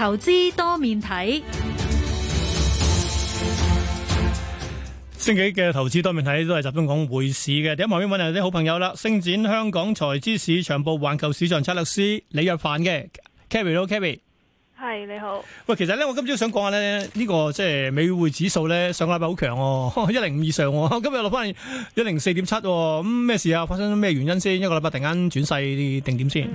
投資多面睇，星期嘅投資多面睇都係集中講匯市嘅。第一，我先揾下啲好朋友啦。星展香港財資市場部環球市場策略師李若凡嘅 k a r r y 你好，Carry，係你好。喂，其實咧，我今朝想講下咧，這個、呢個即係美匯指數咧，上禮拜好強哦，一零五以上、哦。今日落翻嚟一零四點七，咁咩事啊？發生咩原因先？一個禮拜突然間轉細定點先？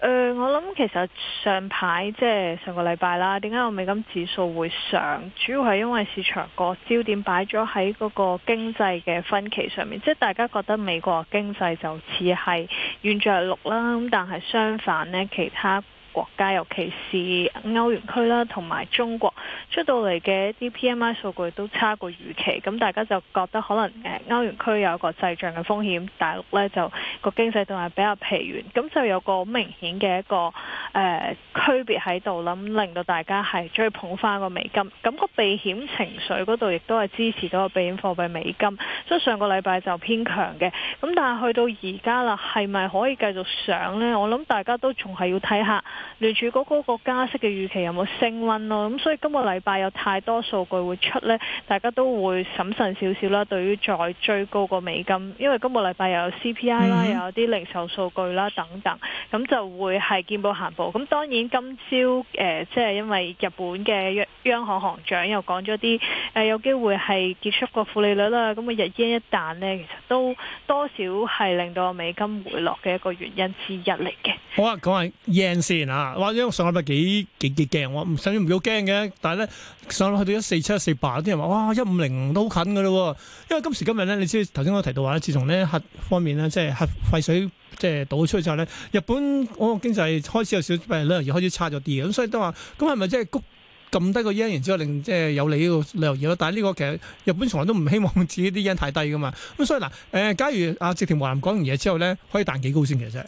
誒、呃，我諗其實上排即係上個禮拜啦，點解我美金指數會上？主要係因為市場個焦點擺咗喺嗰個經濟嘅分歧上面，即係大家覺得美國經濟就似係軟著陸啦。咁但係相反呢，其他國家尤其是歐元區啦，同埋中國出到嚟嘅一啲 PMI 數據都差過預期，咁大家就覺得可能誒歐元區有個滯脹嘅風險，大陸呢就，個經濟仲係比較疲軟，咁就有個好明顯嘅一個誒、呃、區別喺度啦，令到大家係追捧返個美金，咁、那個避險情緒嗰度亦都係支持到個避險貨幣美金，所以上個禮拜就偏強嘅，咁但係去到而家啦，係咪可以繼續上呢？我諗大家都仲係要睇下聯儲局嗰個加息嘅預期有冇升溫咯，咁所以今個禮拜有太多數據會出呢，大家都會審慎少少啦，對於再追高個美金，因為今個禮拜又有 CPI、嗯。有啲零售數據啦等等，咁就會係見步行步。咁當然今朝誒，即、呃、係因為日本嘅央央行行長又講咗啲誒，有機會係結束個負利率啦。咁啊，日元一彈呢，其實都多少係令到美金回落嘅一個原因之一嚟嘅。好啊，講下 yen 先啊！哇，因為上禮拜幾幾幾驚，我唔甚至唔要驚嘅。但係咧，上到去到一四七、四八啲人話：哇，一五零都好近嘅嘞、啊。因為今時今日呢，你知頭先我提到話自從呢核方面呢，即係核。廢水即係倒咗出去之後咧，日本嗰個經濟開始有少旅遊業開始差咗啲，咁所以都話咁係咪即係谷撳低個 yen 然之後令即係有利呢個旅遊業咯？但係呢個其實日本從來都唔希望自己啲 yen 太低噶嘛，咁所以嗱，誒假如阿植田和男講完嘢之後咧，可以彈幾高先其實？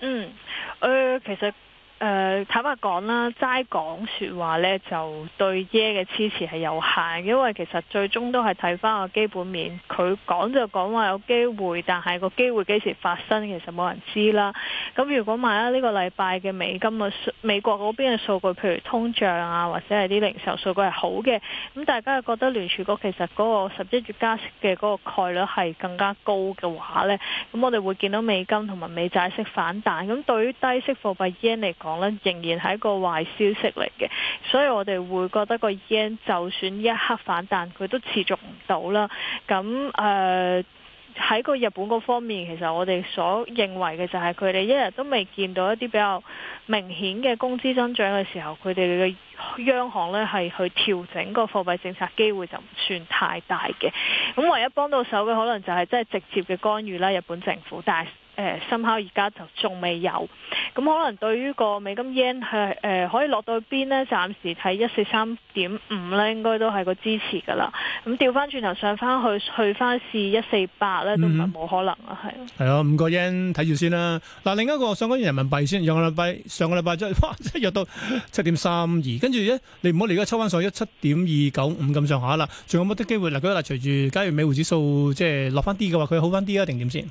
嗯，誒其實。誒、呃、坦白講啦，齋講説話呢，就對耶嘅支持係有限，因為其實最終都係睇翻個基本面。佢講就講話有機會，但係個機會幾時發生，其實冇人知啦。咁如果萬一呢個禮拜嘅美金嘅美國嗰邊嘅數據，譬如通脹啊，或者係啲零售數據係好嘅，咁大家覺得聯儲局其實嗰個十一月加息嘅嗰個概率係更加高嘅話呢，咁我哋會見到美金同埋美債息反彈。咁對於低息貨幣耶嚟仍然係一個壞消息嚟嘅，所以我哋會覺得個 yen 就算一刻反彈，佢都持續唔到啦。咁誒喺個日本嗰方面，其實我哋所認為嘅就係佢哋一日都未見到一啲比較明顯嘅工資增長嘅時候，佢哋嘅央行呢係去調整個貨幣政策機會就唔算太大嘅。咁唯一幫到手嘅可能就係真係直接嘅干預啦，日本政府但係。誒，幸好而家就仲未有，咁、嗯、可能對於個美金 yen 係誒，可以落到去邊咧？暫時睇一四三點五呢應該都係個支持噶啦。咁調翻轉頭，嗯嗯、上翻去去翻試一四八呢都唔係冇可能啊，係。係啊，五個 yen 睇住先啦。嗱，另一個想講人民幣先，上個禮拜上個禮拜即係哇，即係約到七點三二，跟住咧，你唔好嚟，而家抽翻水一七點二九五咁上下啦。仲有冇啲機會？嗱，佢嗱，隨住假如美匯指數即係落翻啲嘅話，佢好翻啲啊，定點先？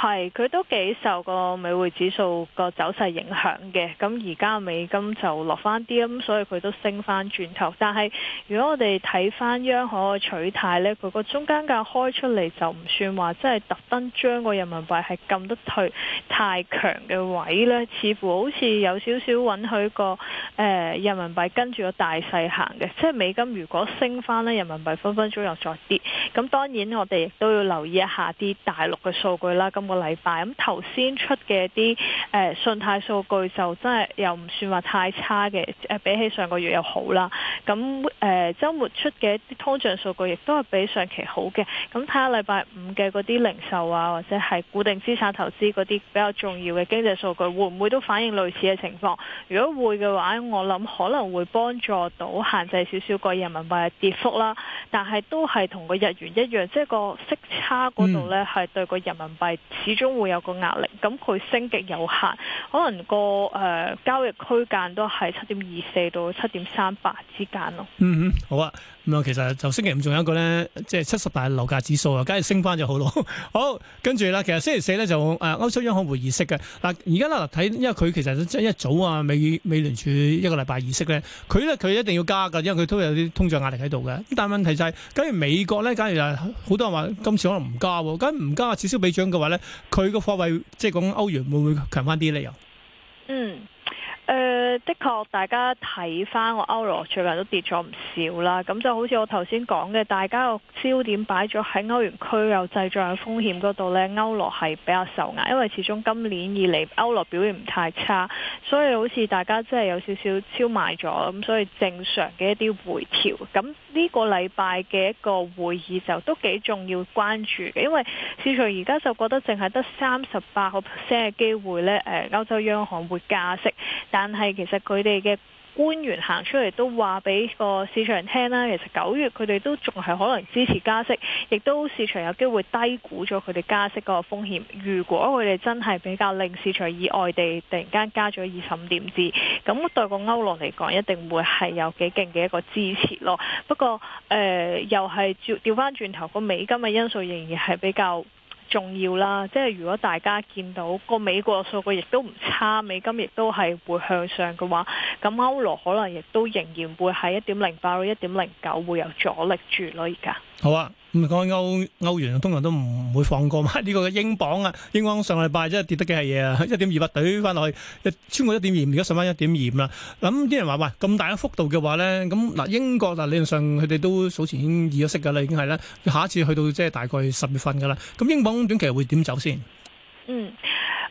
係，佢都幾受個美匯指數個走勢影響嘅。咁而家美金就落翻啲，咁所以佢都升翻轉頭。但係如果我哋睇翻央行嘅取態呢，佢個中間價開出嚟就唔算話即係特登將個人民幣係撳得退太強嘅位呢，似乎好似有少少允許個誒人民幣跟住個大勢行嘅。即係美金如果升翻呢，人民幣分分鐘又再跌。咁當然我哋亦都要留意一下啲大陸嘅數據啦。咁個禮拜咁頭先出嘅啲誒信貸數據就真係又唔算話太差嘅，誒比起上個月又好啦。咁誒周末出嘅一啲通脹數據亦都係比上期好嘅。咁睇下禮拜五嘅嗰啲零售啊，或者係固定資產投資嗰啲比較重要嘅經濟數據，會唔會都反映類似嘅情況？如果會嘅話，我諗可能會幫助到限制少少個人民幣嘅跌幅啦。但係都係同個日元一樣，即係個息差嗰度咧，係對個人民幣。始終會有個壓力，咁佢升極有限，可能個誒、呃、交易區間都係七點二四到七點三八之間咯。嗯嗯，好啊，咁、嗯、啊，其實就星期五仲有一個咧，即、就、係、是、七十大樓價指數啊，梗係升翻就好咯。 好，跟住咧，其實星期四咧就誒、呃、歐洲央行會議息嘅嗱，而家啦睇，因為佢其實一早啊美美聯儲一個禮拜議息咧，佢咧佢一定要加噶，因為佢都有啲通脹壓力喺度嘅。但係問題就係，假如美國咧，假如好多人話今次可能唔加，加，咁唔加此消彼長嘅話咧。佢個貨幣即係講歐元會唔會強翻啲咧？又嗯。呃、的確，大家睇翻，我歐羅最近都跌咗唔少啦。咁就好似我頭先講嘅，大家個焦點擺咗喺歐元區有滯脹嘅風險嗰度咧，歐羅係比較受壓，因為始終今年以嚟歐羅表現唔太差，所以好似大家真係有少少超賣咗，咁所以正常嘅一啲回調。咁呢個禮拜嘅一個會議就都幾重要關注嘅，因為市場而家就覺得淨係得三十八個 percent 嘅機會咧，誒，歐洲央行會加息。但係其實佢哋嘅官員行出嚟都話俾個市場聽啦，其實九月佢哋都仲係可能支持加息，亦都市場有機會低估咗佢哋加息嗰個風險。如果佢哋真係比較令市場意外地突然間加咗二十五點子，咁對個歐羅嚟講一定會係有幾勁嘅一個支持咯。不過誒、呃，又係調調翻轉頭個美金嘅因素仍然係比較。重要啦，即係如果大家見到個美國數據亦都唔差，美金亦都係會向上嘅話，咁歐羅可能亦都仍然會喺一點零八到一點零九會有阻力住咯，而家好啊。唔講歐歐元，通常都唔會放過嘛。呢、這個嘅英鎊啊，英鎊上個禮拜真係跌得幾係嘢啊！一點二八兌翻落去，一穿過一點二，而家上翻一點二啦。咁啲人話喂，咁大嘅幅度嘅話咧，咁、嗯、嗱英國嗱理論上佢哋都數前已經咗息㗎啦，已經係咧，下一次去到即係大概十月份㗎啦。咁、嗯、英鎊短期會點走先？嗯。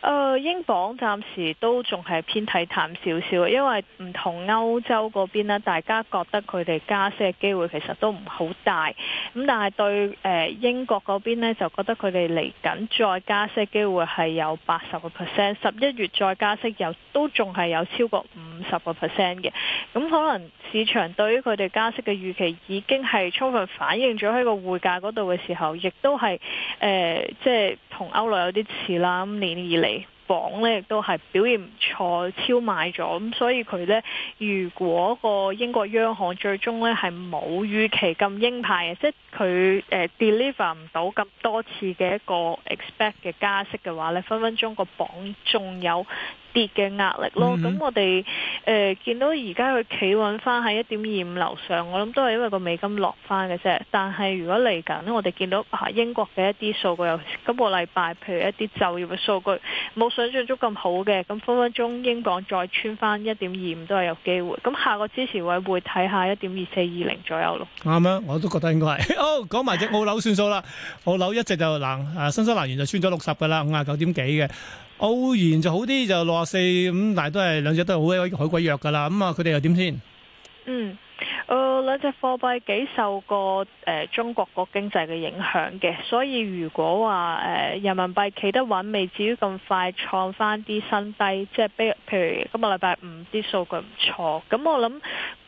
誒、呃，英鎊暫時都仲係偏睇淡少少，因為唔同歐洲嗰邊呢，大家覺得佢哋加息嘅機會其實都唔好大。咁但係對誒、呃、英國嗰邊呢，就覺得佢哋嚟緊再加息嘅機會係有八十個 percent，十一月再加息又都仲係有超過五十個 percent 嘅。咁可能市場對於佢哋加息嘅預期已經係充分反映咗喺個匯價嗰度嘅時候，亦都係誒、呃，即係同歐羅有啲似啦。咁年以嚟，榜咧亦都係表現唔錯，超賣咗。咁、嗯、所以佢咧，如果個英國央行最終咧係冇預期咁鷹派嘅，即係佢誒 deliver 唔到咁多次嘅一個 expect 嘅加息嘅話咧，分分鐘個榜仲有。跌嘅壓力咯，咁、嗯、哼我哋誒、呃、見到而家佢企穩翻喺一點二五樓上，我諗都係因為個美金落翻嘅啫。但係如果嚟緊，我哋見到、啊、英國嘅一啲數據，有今個禮拜譬如一啲就業嘅數據冇想象中咁好嘅，咁分分鐘英國再穿翻一點二五都係有機會。咁下個支持位會睇下一點二四二零左右咯。啱啊，我都覺得應該係。 哦，講埋隻澳樓算數啦，澳樓一直就嗱，誒、啊、新西蘭元就穿咗六十嘅啦，五十九點幾嘅。澳元就好啲，就六四咁，但係都係兩隻都係好海鬼弱噶啦。咁啊，佢哋又點先？嗯，誒，兩隻貨幣幾受個誒、呃、中國個經濟嘅影響嘅，所以如果話誒、呃、人民幣企得穩，未至於咁快創翻啲新低，即係比譬如今個禮拜五啲數據唔錯，咁我諗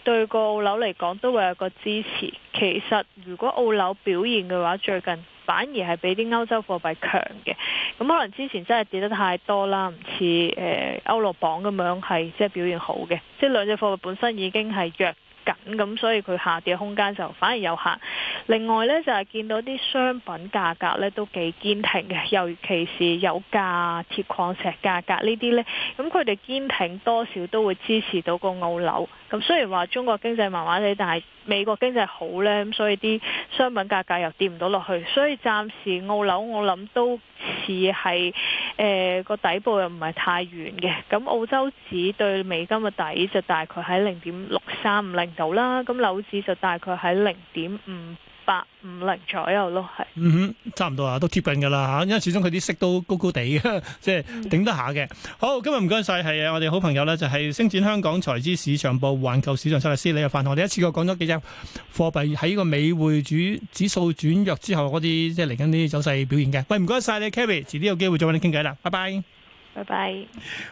對個澳樓嚟講都會有個支持。其實如果澳樓表現嘅話，最近反而係比啲歐洲貨幣強嘅。咁可能之前真係跌得太多啦，唔似誒歐羅鎊咁樣係即係表現好嘅，即係兩隻貨物本身已經係弱緊咁，所以佢下跌空間就反而有限。另外呢，就係見到啲商品價格呢都幾堅挺嘅，尤其是油價、鐵礦石價格呢啲呢，咁佢哋堅挺多少都會支持到個澳紐。咁雖然話中國經濟麻麻地，但係美國經濟好呢，咁所以啲商品價格又跌唔到落去，所以暫時澳樓我諗都似係誒個底部又唔係太遠嘅。咁澳洲紙對美金嘅底就大概喺零點六三五零度啦，咁樓紙就大概喺零點五。八五零左右咯，係，嗯哼，差唔多啊，都貼近噶啦吓，因為始終佢啲息都高高地嘅，即係頂得下嘅。好，今日唔該晒，係我哋好朋友咧，就係、是、星展香港財資市場部環球市場策略師李若凡，我哋一次過講咗幾隻貨幣喺個美匯主指數轉弱之後嗰啲，即係嚟緊啲走勢表現嘅。喂，唔該晒你 Carrie 遲啲有機會再揾你傾偈啦，拜拜。拜拜。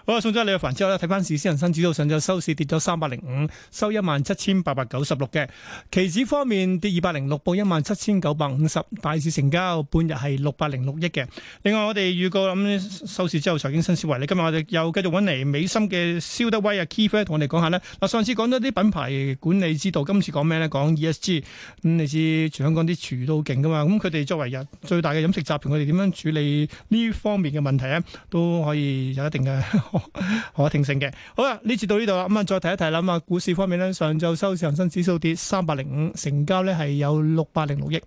好啊，送咗李若凡之後呢，睇翻市先，恒生指數上晝收市跌咗三百零五，收一萬七千八百九十六嘅。期指方面跌二百零六，報一萬七千九百五十。大市成交半日係六百零六億嘅。另外，我哋預告咁收市之後財經新思維，你今日我哋又繼續揾嚟美心嘅肖德威啊，Kifer 同我哋講下呢。嗱，上次講咗啲品牌管理之道，今次講咩咧？講 ESG，嗯。咁你知全香港啲廚都勁噶嘛？咁佢哋作為日最大嘅飲食集團，佢哋點樣處理呢方面嘅問題咧？都可以。有一定嘅可聽性嘅，好啦，呢次到呢度啦，咁啊，再提一提啦，咁啊，股市方面咧，上晝收市恒生指數跌三百零五，成交咧係有六百零六億。